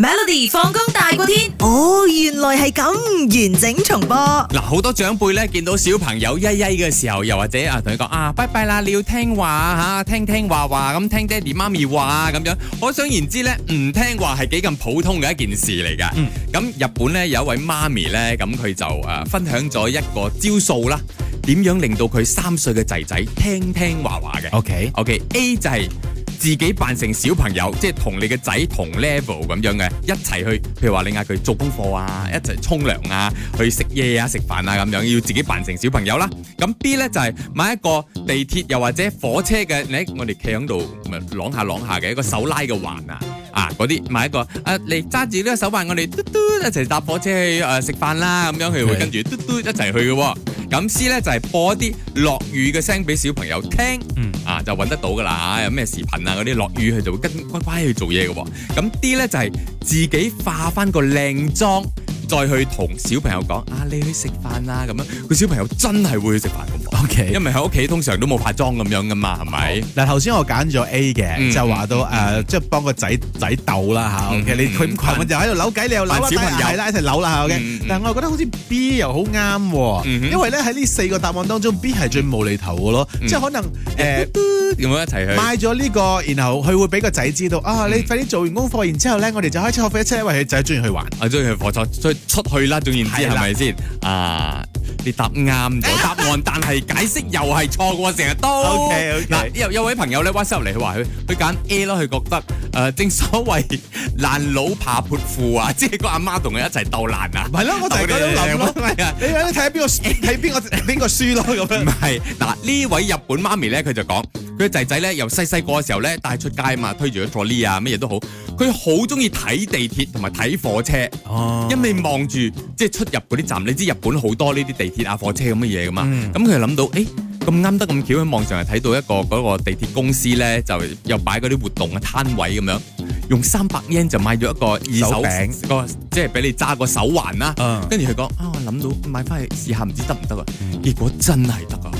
Melody 放工大過天，哦，原來係咁，完整重播。嗱，好多長輩咧，見到小朋友曳曳嘅時候，又或者啊，同佢講啊，拜拜啦，你要聽話吓、啊，聽聽話話咁、啊、聽爹哋媽咪話咁樣。可想而知咧，唔聽話係幾咁普通嘅一件事嚟噶。咁、嗯、日本咧有一位媽咪咧，咁佢就啊分享咗一個招數啦，點樣令到佢三歲嘅仔仔聽聽話話嘅。OK，OK，A、okay, 就係、是。自己扮成小朋友，即係同你嘅仔同 level 咁樣嘅，一齊去，譬如話你嗌佢做功課啊，一齊沖涼啊，去食嘢啊，食飯啊咁樣，要自己扮成小朋友啦。咁 B 呢，就係、是、買一個地鐵又或者火車嘅，你我哋企喺度咪啷下啷下嘅一個手拉嘅環啊，啊嗰啲買一個誒你揸住呢個手環，我哋嘟嘟一齊搭火車去誒食飯啦，咁樣佢會跟住嘟嘟一齊去嘅、啊。咁 C 咧就係、是、播一啲落雨嘅聲俾小朋友聽，嗯、啊就揾得到噶啦，有咩視頻啊嗰啲落雨佢就會跟乖乖乖去做嘢噶，咁 D 咧就係、是、自己化翻個靚妝。再去同小朋友講啊，你去食飯啦咁樣，佢小朋友真係會去食飯咁喎。O K，因為喺屋企通常都冇化妝咁樣嘅嘛，係咪？嗱，頭先我揀咗 A 嘅，就話到誒，即係幫個仔仔鬥啦吓，O K，你佢咁羣就喺度扭計，你又扭小朋友係啦，一齊扭啦，但係我又覺得好似 B 又好啱喎，因為咧喺呢四個答案當中，B 係最無厘頭嘅咯，即係可能誒點樣一齊去買咗呢個，然後佢會俾個仔知道啊，你快啲做完功課，然之後咧我哋就開始學飛車，因為佢仔中意去玩，中意去火出去啦，總言之係咪先？啊，uh, 你答啱咗答案，但係解釋又係錯喎，成日都。嗱、okay, okay 啊，有有位朋友咧，WhatsApp 嚟佢話佢佢揀 A 咯，佢覺得誒、呃、正所謂爛佬怕潑婦啊，即係個阿媽同佢一齊鬥爛啊。唔係 咯，我就係咁諗咯，啊。你睇下邊個睇邊個邊個輸咯咁樣。唔係嗱，呢位日本媽咪咧，佢就講。佢仔仔咧，由細細個嘅時候咧，帶出街嘛，推住個 trolley 啊，乜嘢都好。佢好中意睇地鐵同埋睇火車，啊、因為望住即係出入嗰啲站。你知日本好多呢啲地鐵啊、火車咁嘅嘢噶嘛？咁佢、嗯、就諗到，誒、欸，咁啱得咁巧，喺網上係睇到一個嗰、嗰個地鐵公司咧，就又擺嗰啲活動嘅攤位咁樣，用三百 yen 就買咗一個二手，手餅個，即係俾你揸個手環啦。嗯、跟住佢講，啊，我諗到買翻去試下，唔知得唔得啊？結果真係得啊！嗯嗯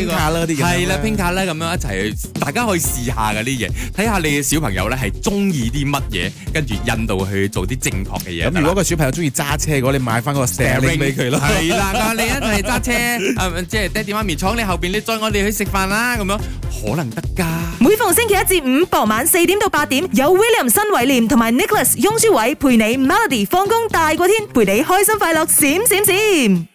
拼卡啦啲嘢係啦拼卡啦咁樣一齊，大家可以試下噶啲嘢，睇下你嘅小朋友咧係中意啲乜嘢，跟住引導去做啲正確嘅嘢。咁行如果個小朋友中意揸車嘅話，你買翻嗰個 ring 俾佢咯。係啦，你一齊揸車，即係爹哋媽咪坐你後邊，你載我哋去食飯啦咁樣，可能得噶。每逢星期一至五傍晚四點到八點，有 William 新偉廉同埋 Nicholas 庸舒偉陪你 Melody 放工大過天，陪你開心快樂閃閃閃。閃閃閃閃